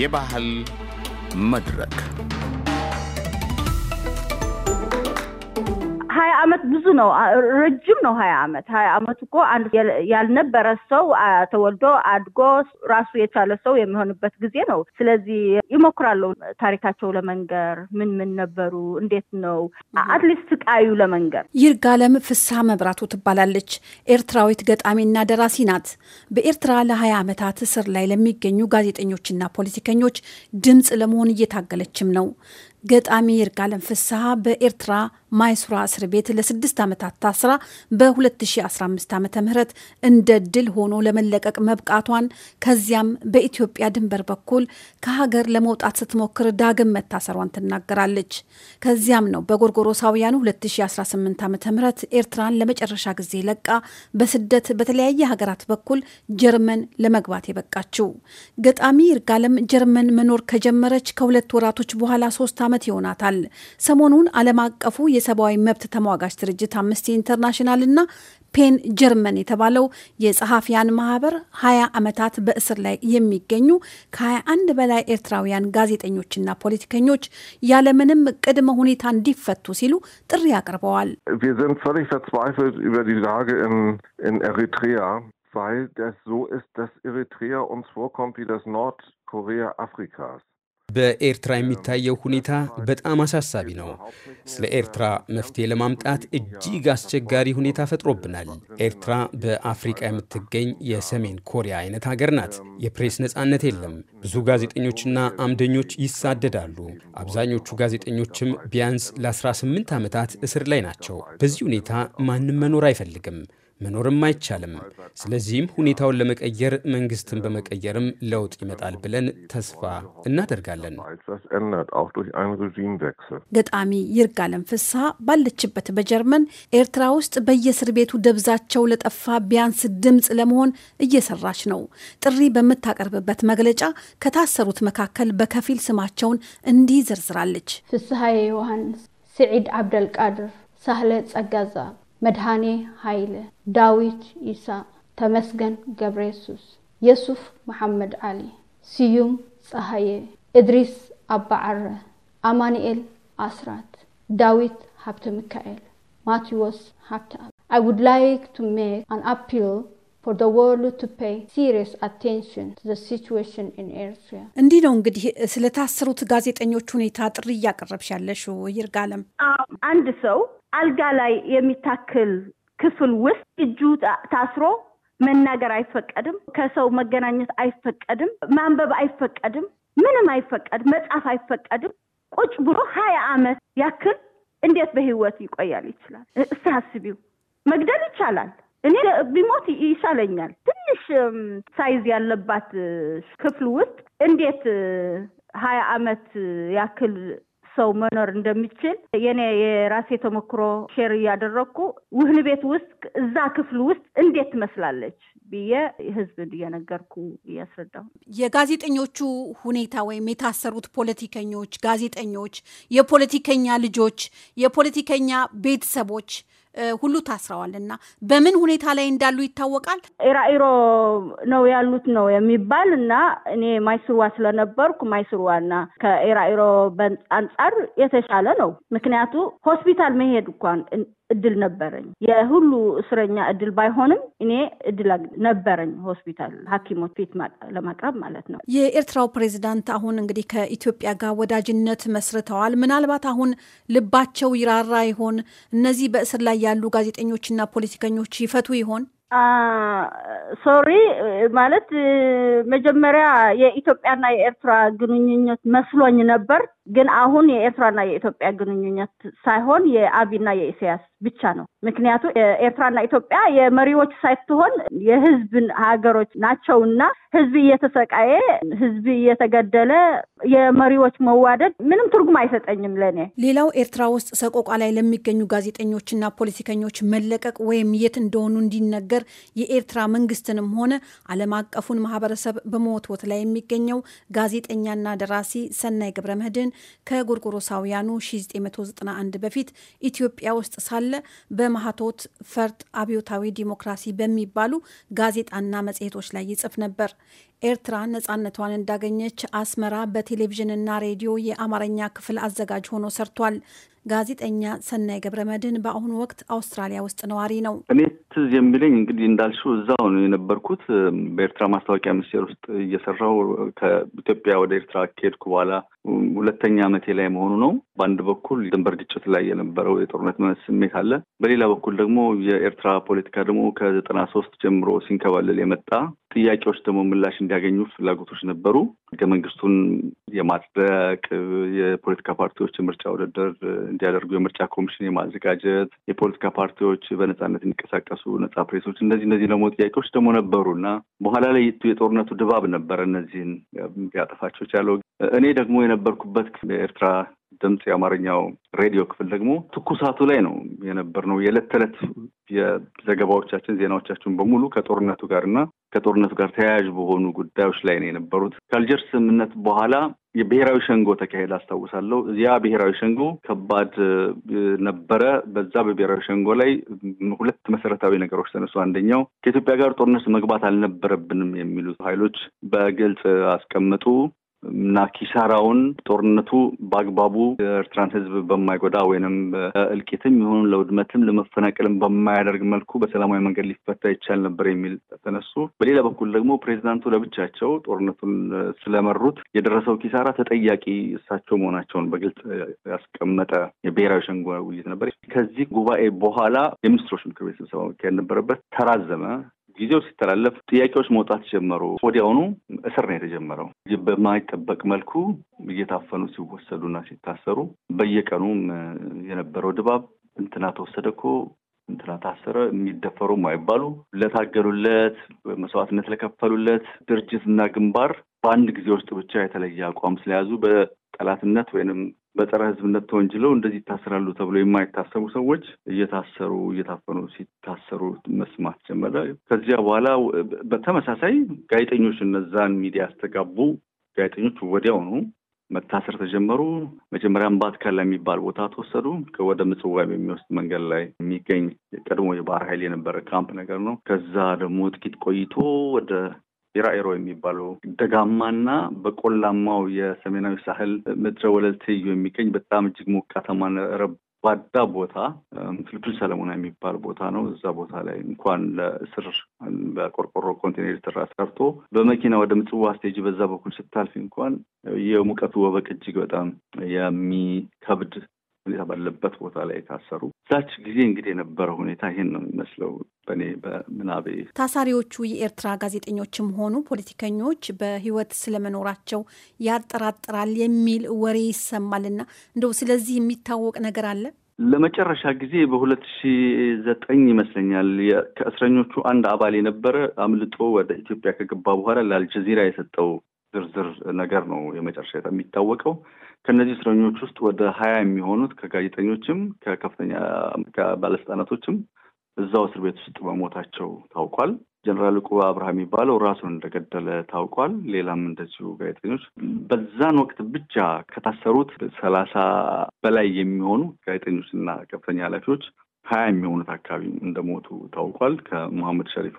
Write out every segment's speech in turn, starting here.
የባህል መድረክ አመት ብዙ ነው፣ ረጅም ነው። ሀያ አመት ሀያ አመት እኮ አንድ ያልነበረ ሰው ተወልዶ አድጎ ራሱ የቻለ ሰው የሚሆንበት ጊዜ ነው። ስለዚህ ይሞክራለሁ ታሪካቸው ለመንገር ምን ምን ነበሩ፣ እንዴት ነው አትሊስት ስቃዩ ለመንገር። ይርጋለም ፍስሐ መብራቱ ትባላለች። ኤርትራዊት ገጣሚና ደራሲ ናት። በኤርትራ ለሀያ ዓመታት እስር ላይ ለሚገኙ ጋዜጠኞችና ፖለቲከኞች ድምፅ ለመሆን እየታገለችም ነው። ገጣሚ ይርጋለም ፍስሀ በኤርትራ ማይሱራ እስር ቤት ለስድስት ዓመታት ታስራ በ2015 ዓ ም እንደ ድል ሆኖ ለመለቀቅ መብቃቷን ከዚያም በኢትዮጵያ ድንበር በኩል ከሀገር ለመውጣት ስትሞክር ዳግም መታሰሯን ትናገራለች። ከዚያም ነው በጎርጎሮሳውያኑ 2018 ዓ ም ኤርትራን ለመጨረሻ ጊዜ ለቃ በስደት በተለያየ ሀገራት በኩል ጀርመን ለመግባት የበቃችው። ገጣሚ ይርጋለም ጀርመን መኖር ከጀመረች ከሁለት ወራቶች በኋላ ሶስት ዓመት ይሆናታል። ሰሞኑን ዓለም አቀፉ የ የሰብአዊ መብት ተሟጋች ድርጅት አምነስቲ ኢንተርናሽናል እና ፔን ጀርመን የተባለው የጸሐፊያን ማህበር 20 ዓመታት በእስር ላይ የሚገኙ ከ21 በላይ ኤርትራውያን ጋዜጠኞችና ፖለቲከኞች ያለምንም ቅድመ ሁኔታ እንዲፈቱ ሲሉ ጥሪ አቅርበዋል። weil das so ist, dass Eritrea uns vorkommt wie das Nordkorea Afrikas. በኤርትራ የሚታየው ሁኔታ በጣም አሳሳቢ ነው። ስለ ኤርትራ መፍትሄ ለማምጣት እጅግ አስቸጋሪ ሁኔታ ፈጥሮብናል። ኤርትራ በአፍሪቃ የምትገኝ የሰሜን ኮሪያ አይነት ሀገር ናት። የፕሬስ ነጻነት የለም። ብዙ ጋዜጠኞችና አምደኞች ይሳደዳሉ። አብዛኞቹ ጋዜጠኞችም ቢያንስ ለ18 ዓመታት እስር ላይ ናቸው። በዚህ ሁኔታ ማንም መኖር አይፈልግም። መኖርም አይቻልም። ስለዚህም ሁኔታውን ለመቀየር መንግስትን በመቀየርም ለውጥ ይመጣል ብለን ተስፋ እናደርጋለን። ገጣሚ ይርጋለም ፍስሐ ባለችበት በጀርመን ኤርትራ ውስጥ በየእስር ቤቱ ደብዛቸው ለጠፋ ቢያንስ ድምፅ ለመሆን እየሰራች ነው። ጥሪ በምታቀርብበት መግለጫ ከታሰሩት መካከል በከፊል ስማቸውን እንዲህ ዘርዝራለች። ፍስሐ ዮሐንስ፣ ስዒድ አብደልቃድር፣ ሳህለ ጸጋዛ መድኃኔ ኃይለ፣ ዳዊት ኢሳ ተመስገን ገብረ የሱስ፣ የሱፍ መሐመድ ዓሊ፣ ስዩም ፀሐየ፣ እድሪስ ኣባዓረ አማንኤል አስራት፣ ዳዊት ሀብተ ሚካኤል፣ ማቴዎስ ሃብተ ኣ ውድ ላይክ ቱ ሜክ ኣን ኣፒል appeal እንዲህ ነው እንግዲህ ስለታሰሩት ጋዜጠኞች ሁኔታ ጥሪ እያቀረብሽ ያለሽው ይርጋለም። አንድ ሰው አልጋ ላይ የሚታክል ክፍል ውስጥ እጁ ታስሮ መናገር አይፈቀድም። ከሰው መገናኘት አይፈቀድም። ማንበብ አይፈቀድም። ምንም አይፈቀድም። መጻፍ አይፈቀድም። ቁጭ ብሎ ሀያ ዓመት ያክል እንዴት በህይወት ይቆያል ይችላል? አስቢው። መግደል ይቻላል። እኔ ቢሞት ይሻለኛል። ትንሽ ሳይዝ ያለባት ክፍል ውስጥ እንዴት ሀያ ዓመት ያክል ሰው መኖር እንደሚችል የኔ የራሴ ተሞክሮ ሼር እያደረግኩ ውህን ቤት ውስጥ እዛ ክፍል ውስጥ እንዴት ትመስላለች ብዬ ህዝብ እየነገርኩ እያስረዳሁ የጋዜጠኞቹ ሁኔታ ወይም የታሰሩት ፖለቲከኞች፣ ጋዜጠኞች፣ የፖለቲከኛ ልጆች፣ የፖለቲከኛ ቤተሰቦች ሁሉ ታስረዋል እና በምን ሁኔታ ላይ እንዳሉ ይታወቃል። ኢራኢሮ ነው ያሉት ነው የሚባል እና እኔ ማይስሩዋ ስለነበርኩ ማይስዋና ከኢራኢሮ አንጻር የተሻለ ነው። ምክንያቱ ሆስፒታል መሄድ እንኳን እድል ነበረኝ። የሁሉ እስረኛ እድል ባይሆንም እኔ እድል ነበረኝ። ሆስፒታል ሐኪሞች ፊት ለማቅረብ ማለት ነው። የኤርትራው ፕሬዚዳንት አሁን እንግዲህ ከኢትዮጵያ ጋር ወዳጅነት መስርተዋል። ምናልባት አሁን ልባቸው ይራራ ይሆን? እነዚህ በእስር ላይ ያሉ ጋዜጠኞችና ፖለቲከኞች ይፈቱ ይሆን? ሶሪ ማለት መጀመሪያ የኢትዮጵያና የኤርትራ ግንኙነት መስሎኝ ነበር። ግን አሁን የኤርትራና የኢትዮጵያ ግንኙነት ሳይሆን የአብይና የኢሳያስ ብቻ ነው። ምክንያቱ የኤርትራና ኢትዮጵያ የመሪዎች ሳይትሆን የህዝብ ሀገሮች ናቸውና ህዝብ እየተሰቃየ፣ ህዝብ እየተገደለ የመሪዎች መዋደድ ምንም ትርጉም አይሰጠኝም ለእኔ። ሌላው ኤርትራ ውስጥ ሰቆቋ ላይ ለሚገኙ ጋዜጠኞችና ፖለቲከኞች መለቀቅ ወይም የት እንደሆኑ እንዲነገር የኤርትራ መንግስትንም ሆነ ዓለም አቀፉን ማህበረሰብ በመወትወት ላይ የሚገኘው ጋዜጠኛና ደራሲ ሰናይ ገብረ መድህን ከጎርጎሮሳውያኑ 1991 በፊት ኢትዮጵያ ውስጥ ሳለ በማህቶት ፈርጥ አብዮታዊ ዲሞክራሲ በሚባሉ ጋዜጣና መጽሔቶች ላይ ይጽፍ ነበር። ኤርትራ ነጻነቷን እንዳገኘች አስመራ በቴሌቪዥንና ሬዲዮ የአማርኛ ክፍል አዘጋጅ ሆኖ ሰርቷል። ጋዜጠኛ ሰናይ ገብረ መድህን በአሁኑ ወቅት አውስትራሊያ ውስጥ ነዋሪ ነው። እኔ ትዝ የሚለኝ እንግዲህ እንዳልሽው እዛው ነው የነበርኩት። በኤርትራ ማስታወቂያ ሚኒስቴር ውስጥ እየሰራው ከኢትዮጵያ ወደ ኤርትራ ከሄድኩ በኋላ ሁለተኛ ዓመቴ ላይ መሆኑ ነው። በአንድ በኩል ድንበር ግጭት ላይ የነበረው የጦርነት ስሜት አለ። በሌላ በኩል ደግሞ የኤርትራ ፖለቲካ ደግሞ ከዘጠና ሶስት ጀምሮ ሲንከባለል የመጣ ጥያቄዎች ደግሞ ምላሽ እንዲያገኙ ፍላጎቶች ነበሩ። ህገ መንግስቱን የማጽደቅ የፖለቲካ ፓርቲዎች የምርጫ ውድድር እንዲያደርጉ የምርጫ ኮሚሽን የማዘጋጀት የፖለቲካ ፓርቲዎች በነፃነት እንዲንቀሳቀሱ ነፃ ፕሬሶች፣ እነዚህ እነዚህ ደግሞ ጥያቄዎች ደግሞ ነበሩ እና በኋላ ላይ የጦርነቱ ድባብ ነበረ እነዚህን ያጠፋቸው ቻለው። እኔ ደግሞ የነበርኩበት የኤርትራ ድምፅ የአማርኛው ሬዲዮ ክፍል ደግሞ ትኩሳቱ ላይ ነው የነበርነው። የዕለት ተዕለት የዘገባዎቻችን ዜናዎቻችን በሙሉ ከጦርነቱ ጋር እና ከጦርነቱ ጋር ተያያዥ በሆኑ ጉዳዮች ላይ ነው የነበሩት። ከአልጀርስ ስምምነት በኋላ የብሔራዊ ሸንጎ ተካሄድ አስታውሳለሁ። ያ ብሔራዊ ሸንጎ ከባድ ነበረ። በዛ በብሔራዊ ሸንጎ ላይ ሁለት መሰረታዊ ነገሮች ተነሱ። አንደኛው ከኢትዮጵያ ጋር ጦርነት መግባት አልነበረብንም የሚሉት ኃይሎች በግልጽ አስቀምጡ። እና ኪሳራውን ጦርነቱ በአግባቡ የኤርትራን ህዝብ በማይጎዳ ወይንም እልቂትም ይሁን ለውድመትም ለመፈናቀልም በማያደርግ መልኩ በሰላማዊ መንገድ ሊፈታ ይቻል ነበር የሚል ተነሱ። በሌላ በኩል ደግሞ ፕሬዚዳንቱ ለብቻቸው ጦርነቱን ስለመሩት የደረሰው ኪሳራ ተጠያቂ እሳቸው መሆናቸውን በግልጽ ያስቀመጠ የብሔራዊ ሸንጎ ውይይት ነበር። ከዚህ ጉባኤ በኋላ የሚኒስትሮች ምክር ቤት ስብሰባ መካሄድ ነበረበት፣ ተራዘመ። ጊዜው ሲተላለፍ ጥያቄዎች መውጣት ጀመሩ። ወዲያውኑ እስር ነው የተጀመረው። በማይጠበቅ መልኩ እየታፈኑ ሲወሰዱና ሲታሰሩ በየቀኑ የነበረው ድባብ እንትና ተወሰደ እኮ እንትና ታሰረ የሚደፈሩ አይባሉ ለታገሉለት መስዋዕትነት ለከፈሉለት ድርጅት እና ግንባር በአንድ ጊዜ ውስጥ ብቻ የተለየ አቋም ስለያዙ በጠላትነት ወይንም በጸረ ህዝብነት ተወንጅለው እንደዚህ ይታሰራሉ ተብሎ የማይታሰቡ ሰዎች እየታሰሩ እየታፈኑ ሲታሰሩ መስማት ጀመረ። ከዚያ በኋላ በተመሳሳይ ጋዜጠኞች እነዛን ሚዲያ ያስተጋቡ ጋዜጠኞች ወዲያውኑ መታሰር ተጀመሩ። መጀመሪያ እምባትካላ የሚባል ቦታ ተወሰዱ። ወደ ምጽዋ የሚወስድ መንገድ ላይ የሚገኝ ቀድሞ የባህር ኃይል የነበረ ካምፕ ነገር ነው። ከዛ ደግሞ ጥቂት ቆይቶ ወደ ኢራኤሮ የሚባለው ደጋማና በቆላማው የሰሜናዊ ሳህል ምድረ ወለል ትይዩ የሚገኝ በጣም እጅግ ሞቃታማና ረባዳ ቦታ ፍልፍል ሰለሞና የሚባል ቦታ ነው። እዛ ቦታ ላይ እንኳን ለእስር በቆርቆሮ ኮንቴነር ትራስ ቀርቶ በመኪና ወደ ምጽዋ ስቴጅ በዛ በኩል ስታልፍ እንኳን የሙቀቱ ወበቅ እጅግ በጣም የሚከብድ ሁኔታ ባለበት ቦታ ላይ የታሰሩ እዛች ጊዜ እንግዲህ የነበረ ሁኔታ ይሄን ነው የሚመስለው በእኔ በምናቤ። ታሳሪዎቹ የኤርትራ ጋዜጠኞችም ሆኑ ፖለቲከኞች በህይወት ስለመኖራቸው ያጠራጥራል የሚል ወሬ ይሰማልና እንደው ስለዚህ የሚታወቅ ነገር አለ? ለመጨረሻ ጊዜ በሁለት ሺ ዘጠኝ ይመስለኛል ከእስረኞቹ አንድ አባል የነበረ አምልጦ ወደ ኢትዮጵያ ከገባ በኋላ ለአልጀዚራ የሰጠው ዝርዝር ነገር ነው የመጨረሻ የሚታወቀው። ከእነዚህ እስረኞች ውስጥ ወደ ሀያ የሚሆኑት ከጋዜጠኞችም ከከፍተኛ ከባለስልጣናቶችም እዛው እስር ቤት ውስጥ መሞታቸው ታውቋል። ጀኔራል ቁ አብርሃም የሚባለው ራሱን እንደገደለ ታውቋል። ሌላም እንደዚሁ ጋዜጠኞች በዛን ወቅት ብቻ ከታሰሩት ሰላሳ በላይ የሚሆኑ ጋዜጠኞች እና ከፍተኛ ኃላፊዎች ሀያ የሚሆኑት አካባቢ እንደሞቱ ታውቋል። ከሙሐመድ ሸሪፎ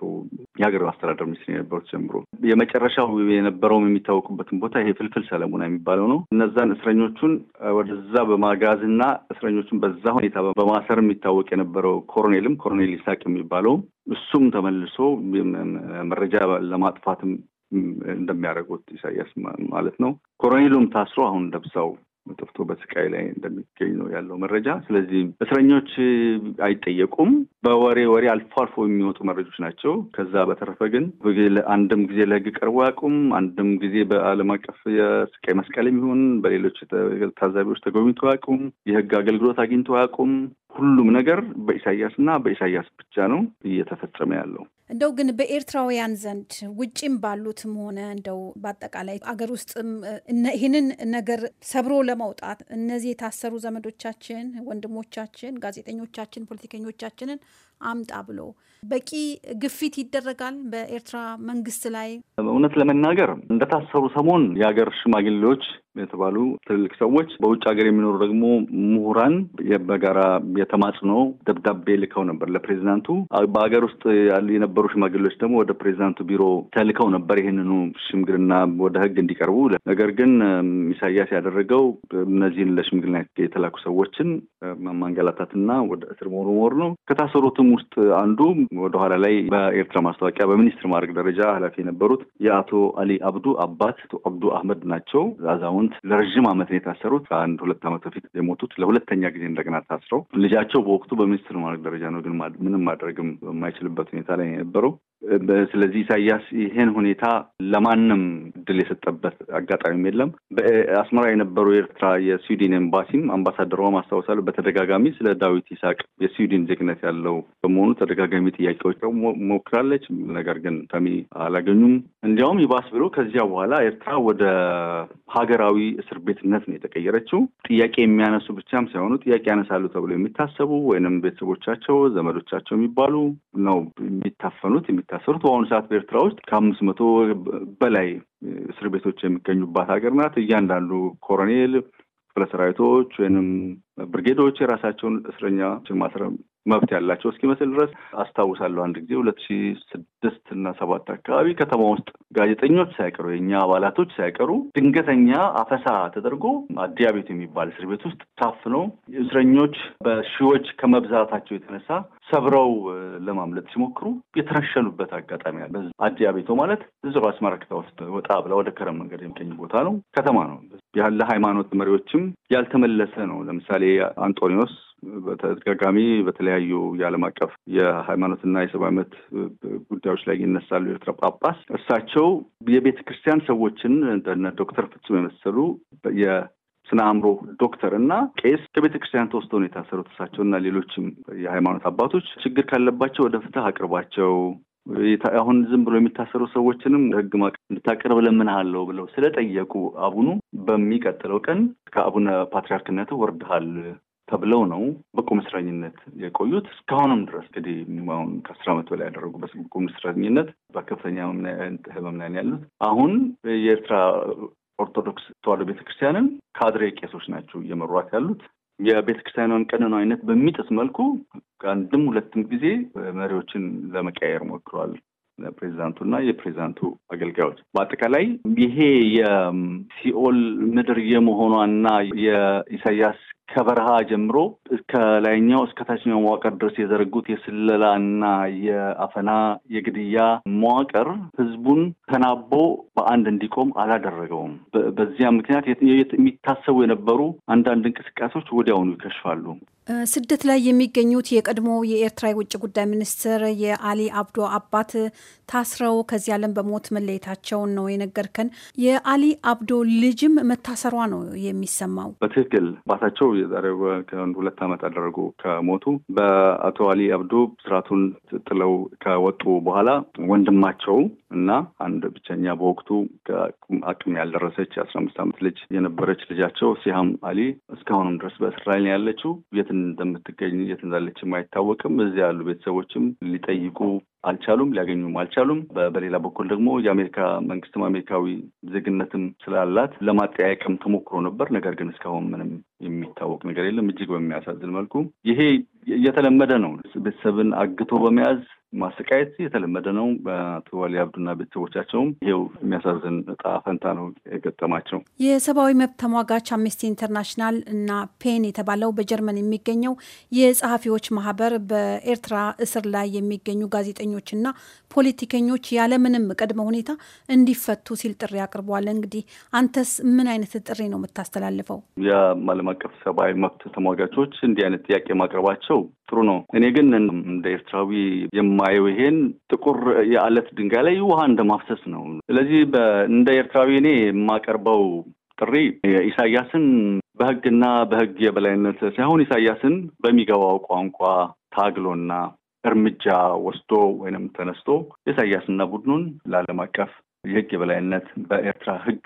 የሀገር አስተዳደር ሚኒስትር የነበሩት ጀምሮ የመጨረሻው የነበረውም የሚታወቁበትን ቦታ ይሄ ፍልፍል ሰለሙና የሚባለው ነው። እነዛን እስረኞቹን ወደዛ በማጋዝ እና እስረኞቹን በዛ ሁኔታ በማሰር የሚታወቅ የነበረው ኮሎኔልም ኮሎኔል ይሳቅ የሚባለው እሱም ተመልሶ መረጃ ለማጥፋትም እንደሚያደርጉት ኢሳያስ ማለት ነው። ኮሎኔሉም ታስሮ አሁን ደብሳው ጠፍቶ በስቃይ ላይ እንደሚገኝ ነው ያለው መረጃ። ስለዚህ እስረኞች አይጠየቁም። በወሬ ወሬ አልፎ አልፎ የሚወጡ መረጆች ናቸው። ከዛ በተረፈ ግን አንድም ጊዜ ለህግ ቀርበው አያውቁም። አንድም ጊዜ በዓለም አቀፍ የስቃይ መስቀል የሚሆን በሌሎች ታዛቢዎች ተጎብኝቶ አያውቁም። የህግ አገልግሎት አግኝቶ አያውቁም። ሁሉም ነገር በኢሳያስ እና በኢሳያስ ብቻ ነው እየተፈጸመ ያለው። እንደው ግን በኤርትራውያን ዘንድ ውጭም ባሉትም ሆነ እንደው በአጠቃላይ አገር ውስጥም ይህንን ነገር ሰብሮ ለመውጣት እነዚህ የታሰሩ ዘመዶቻችን፣ ወንድሞቻችን፣ ጋዜጠኞቻችን፣ ፖለቲከኞቻችንን አምጣ ብሎ በቂ ግፊት ይደረጋል በኤርትራ መንግስት ላይ። እውነት ለመናገር እንደታሰሩ ሰሞን የሀገር ሽማግሌዎች የተባሉ ትልልቅ ሰዎች፣ በውጭ ሀገር የሚኖሩ ደግሞ ምሁራን በጋራ የተማጽኖ ደብዳቤ ልከው ነበር ለፕሬዚዳንቱ። በሀገር ውስጥ የነበሩ ሽማግሌዎች ደግሞ ወደ ፕሬዚዳንቱ ቢሮ ተልከው ነበር ይህንኑ ሽምግልና ወደ ህግ እንዲቀርቡ። ነገር ግን ኢሳያስ ያደረገው እነዚህን ለሽምግልና የተላኩ ሰዎችን ማንገላታትና ወደ እስር መወርወር ነው። ከታሰሩትም ከነዚህም ውስጥ አንዱ ወደኋላ ላይ በኤርትራ ማስታወቂያ በሚኒስትር ማድረግ ደረጃ ኃላፊ የነበሩት የአቶ አሊ አብዱ አባት አብዱ አህመድ ናቸው። አዛውንት ለረዥም ዓመት ነው የታሰሩት። ከአንድ ሁለት ዓመት በፊት የሞቱት ለሁለተኛ ጊዜ እንደገና ታስረው ልጃቸው በወቅቱ በሚኒስትር ማድረግ ደረጃ ነው፣ ግን ምንም ማድረግም የማይችልበት ሁኔታ ላይ የነበረው ስለዚህ ኢሳያስ ይህን ሁኔታ ለማንም እድል የሰጠበት አጋጣሚም የለም። በአስመራ የነበሩ የኤርትራ የስዊድን ኤምባሲም አምባሳደሯም አስታውሳለሁ በተደጋጋሚ ስለ ዳዊት ይስሐቅ የስዊድን ዜግነት ያለው በመሆኑ ተደጋጋሚ ጥያቄዎች ሞክራለች። ነገር ግን ሰሚ አላገኙም። እንዲያውም ይባስ ብሎ ከዚያ በኋላ ኤርትራ ወደ ሀገራዊ እስር ቤትነት ነው የተቀየረችው። ጥያቄ የሚያነሱ ብቻም ሳይሆኑ ጥያቄ ያነሳሉ ተብሎ የሚታሰቡ ወይንም ቤተሰቦቻቸው ዘመዶቻቸው የሚባሉ ነው የሚታፈኑት የሚታሰሩት በአሁኑ ሰዓት በኤርትራ ውስጥ ከአምስት መቶ በላይ እስር ቤቶች የሚገኙባት ሀገር ናት። እያንዳንዱ ኮሎኔል ክፍለ ሰራዊቶች ወይም ብርጌዶች የራሳቸውን እስረኛ ማሰር መብት ያላቸው እስኪመስል ድረስ አስታውሳለሁ። አንድ ጊዜ ሁለት ሺ ስድስት እና ሰባት አካባቢ ከተማ ውስጥ ጋዜጠኞች ሳይቀሩ የእኛ አባላቶች ሳይቀሩ ድንገተኛ አፈሳ ተደርጎ አዲያ ቤት የሚባል እስር ቤት ውስጥ ታፍነው እስረኞች በሺዎች ከመብዛታቸው የተነሳ ሰብረው ለማምለጥ ሲሞክሩ የተረሸኑበት አጋጣሚ አለ። አዲያ ቤቶ ማለት እዚሁ አስመራ ከተማ ውስጥ ወጣ ብላ ወደ ከረም መንገድ የሚገኝ ቦታ ነው፣ ከተማ ነው። ያለ ሃይማኖት መሪዎችም ያልተመለሰ ነው። ለምሳሌ አንጦኒዎስ በተደጋጋሚ በተለያዩ የዓለም አቀፍ የሃይማኖትና የሰብአዊ መብት ጉዳዮች ላይ ይነሳሉ። የኤርትራ ጳጳስ እርሳቸው የቤተ ክርስቲያን ሰዎችን እንደነ ዶክተር ፍጹም የመሰሉ የስነ አእምሮ ዶክተር እና ቄስ ከቤተ ክርስቲያን ተወስደው ነው የታሰሩት። እሳቸው እና ሌሎችም የሃይማኖት አባቶች ችግር ካለባቸው ወደ ፍትህ አቅርባቸው አሁን ዝም ብሎ የሚታሰሩ ሰዎችንም ህግ ማቅ እንድታቀርብ ለምንሃለው ብለው ስለጠየቁ አቡኑ በሚቀጥለው ቀን ከአቡነ ፓትሪያርክነቱ ወርድሃል ተብለው ነው በቁም እስረኝነት የቆዩት እስካሁንም ድረስ እንግዲህ አሁን ከአስር ዓመት በላይ ያደረጉ በቁም እስረኝነት በከፍተኛ ህመም ላይ ያሉት አሁን የኤርትራ ኦርቶዶክስ ተዋሕዶ ቤተክርስቲያንን ካድሬ ቄሶች ናቸው እየመሯት ያሉት። የቤተክርስቲያኗን ቀኖናዊነት በሚጥስ መልኩ አንድም ሁለትም ጊዜ መሪዎችን ለመቀያየር ሞክረዋል። ፕሬዚዳንቱ እና የፕሬዚዳንቱ አገልጋዮች በአጠቃላይ ይሄ የሲኦል ምድር የመሆኗና የኢሳያስ ከበረሃ ጀምሮ ከላይኛው እስከ ታችኛው መዋቅር ድረስ የዘረጉት የስለላና የአፈና የግድያ መዋቅር ህዝቡን ተናቦ በአንድ እንዲቆም አላደረገውም። በዚያ ምክንያት የሚታሰቡ የነበሩ አንዳንድ እንቅስቃሴዎች ወዲያውኑ ይከሽፋሉ። ስደት ላይ የሚገኙት የቀድሞ የኤርትራ የውጭ ጉዳይ ሚኒስትር የአሊ አብዶ አባት ታስረው ከዚህ ዓለም በሞት መለየታቸውን ነው የነገርከን። የአሊ አብዶ ልጅም መታሰሯ ነው የሚሰማው። በትክክል አባታቸው የዛሬ ከአንድ ሁለት ዓመት አደረጉ ከሞቱ። በአቶ አሊ አብዶ ስርዓቱን ጥለው ከወጡ በኋላ ወንድማቸው እና አንድ ብቸኛ በወቅቱ አቅም ያልደረሰች የአስራ አምስት ዓመት ልጅ የነበረች ልጃቸው ሲሃም አሊ እስካሁንም ድረስ በእስራኤል ያለችው የት እንደምትገኝ የት እንዳለችም አይታወቅም። እዚህ ያሉ ቤተሰቦችም ሊጠይቁ አልቻሉም፣ ሊያገኙም አልቻሉም። በሌላ በኩል ደግሞ የአሜሪካ መንግስትም አሜሪካዊ ዜግነትም ስላላት ለማጠያየቅም ተሞክሮ ነበር። ነገር ግን እስካሁን ምንም የሚታወቅ ነገር የለም። እጅግ በሚያሳዝን መልኩ ይሄ እየተለመደ ነው። ቤተሰብን አግቶ በመያዝ ማሰቃየት የተለመደ ነው። በአቶ ዋሊ አብዱና ቤተሰቦቻቸውም ይሄው የሚያሳዝን እጣ ፈንታ ነው የገጠማቸው። የሰብአዊ መብት ተሟጋች አምነስቲ ኢንተርናሽናል እና ፔን የተባለው በጀርመን የሚገኘው የጸሐፊዎች ማህበር በኤርትራ እስር ላይ የሚገኙ ጋዜጠኞችና ፖለቲከኞች ያለምንም ቅድመ ሁኔታ እንዲፈቱ ሲል ጥሪ አቅርቧል። እንግዲህ አንተስ ምን አይነት ጥሪ ነው የምታስተላልፈው? የዓለም አቀፍ ሰብአዊ መብት ተሟጋቾች እንዲህ አይነት ጥያቄ ማቅረባቸው ጥሩ ነው። እኔ ግን እንደ ኤርትራዊ የማየው ይሄን ጥቁር የአለት ድንጋይ ላይ ውሃ እንደማፍሰስ ነው። ስለዚህ እንደ ኤርትራዊ እኔ የማቀርበው ጥሪ ኢሳያስን በህግና በህግ የበላይነት ሳይሆን ኢሳያስን በሚገባው ቋንቋ ታግሎና እርምጃ ወስዶ ወይንም ተነስቶ ኢሳያስና ቡድኑን ለዓለም አቀፍ የህግ የበላይነት በኤርትራ ህግ።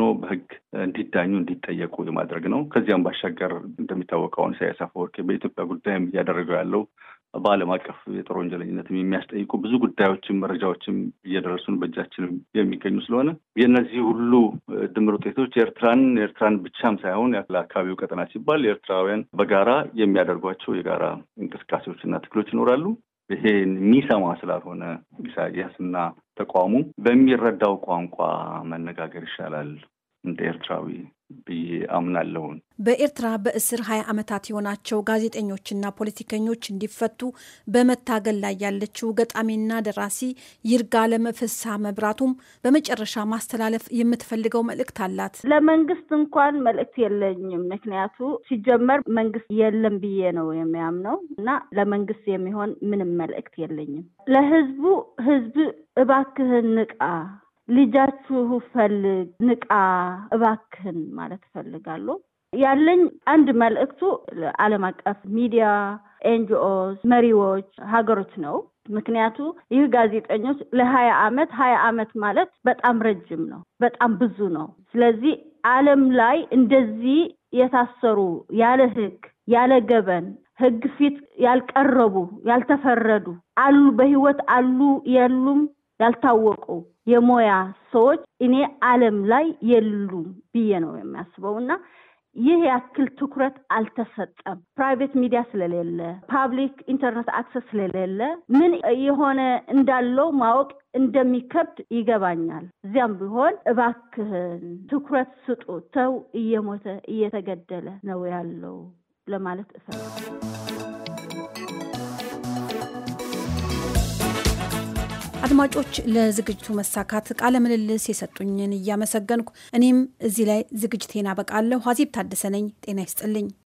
ተወስኖ በህግ እንዲዳኙ እንዲጠየቁ የማድረግ ነው። ከዚያም ባሻገር እንደሚታወቀው አሁን ኢሳያስ በኢትዮጵያ ጉዳይም እያደረገው ያለው በዓለም አቀፍ የጦር ወንጀለኝነትም የሚያስጠይቁ ብዙ ጉዳዮችም መረጃዎችም እየደረሱን በእጃችንም የሚገኙ ስለሆነ የእነዚህ ሁሉ ድምር ውጤቶች ኤርትራን ኤርትራን ብቻም ሳይሆን ለአካባቢው ቀጠና ሲባል ኤርትራውያን በጋራ የሚያደርጓቸው የጋራ እንቅስቃሴዎችና ትግሎች ይኖራሉ። ይሄን የሚሰማ ስላልሆነ ኢሳያስና ተቋሙ በሚረዳው ቋንቋ መነጋገር ይሻላል እንደ ኤርትራዊ ብዬ አምናለሁን። በኤርትራ በእስር ሀያ ዓመታት የሆናቸው ጋዜጠኞችና ፖለቲከኞች እንዲፈቱ በመታገል ላይ ያለችው ገጣሚና ደራሲ ይርጋለም ፍስሐ መብራቱም በመጨረሻ ማስተላለፍ የምትፈልገው መልእክት አላት። ለመንግስት እንኳን መልእክት የለኝም። ምክንያቱ ሲጀመር መንግስት የለም ብዬ ነው የሚያምነው እና ለመንግስት የሚሆን ምንም መልእክት የለኝም። ለህዝቡ ህዝብ እባክህን ንቃ ልጃችሁ ፈልግ ንቃ እባክን ማለት እፈልጋለሁ። ያለኝ አንድ መልእክቱ ዓለም አቀፍ ሚዲያ፣ ኤንጂኦስ፣ መሪዎች፣ ሀገሮች ነው። ምክንያቱ ይህ ጋዜጠኞች ለሀያ አመት ሀያ አመት ማለት በጣም ረጅም ነው፣ በጣም ብዙ ነው። ስለዚህ ዓለም ላይ እንደዚህ የታሰሩ ያለ ህግ ያለ ገበን ህግ ፊት ያልቀረቡ ያልተፈረዱ አሉ፣ በህይወት አሉ የሉም ያልታወቁ የሙያ ሰዎች እኔ ዓለም ላይ የሉም ብዬ ነው የሚያስበው እና ይህ ያክል ትኩረት አልተሰጠም። ፕራይቬት ሚዲያ ስለሌለ፣ ፓብሊክ ኢንተርኔት አክሰስ ስለሌለ ምን የሆነ እንዳለው ማወቅ እንደሚከብድ ይገባኛል። እዚያም ቢሆን እባክህን ትኩረት ስጡ፣ ሰው እየሞተ እየተገደለ ነው ያለው ለማለት እፈልጋለሁ። አድማጮች ለዝግጅቱ መሳካት ቃለ ምልልስ የሰጡኝን እያመሰገንኩ እኔም እዚህ ላይ ዝግጅቴን አበቃለሁ። አዜብ ታደሰ ነኝ። ጤና ይስጥልኝ።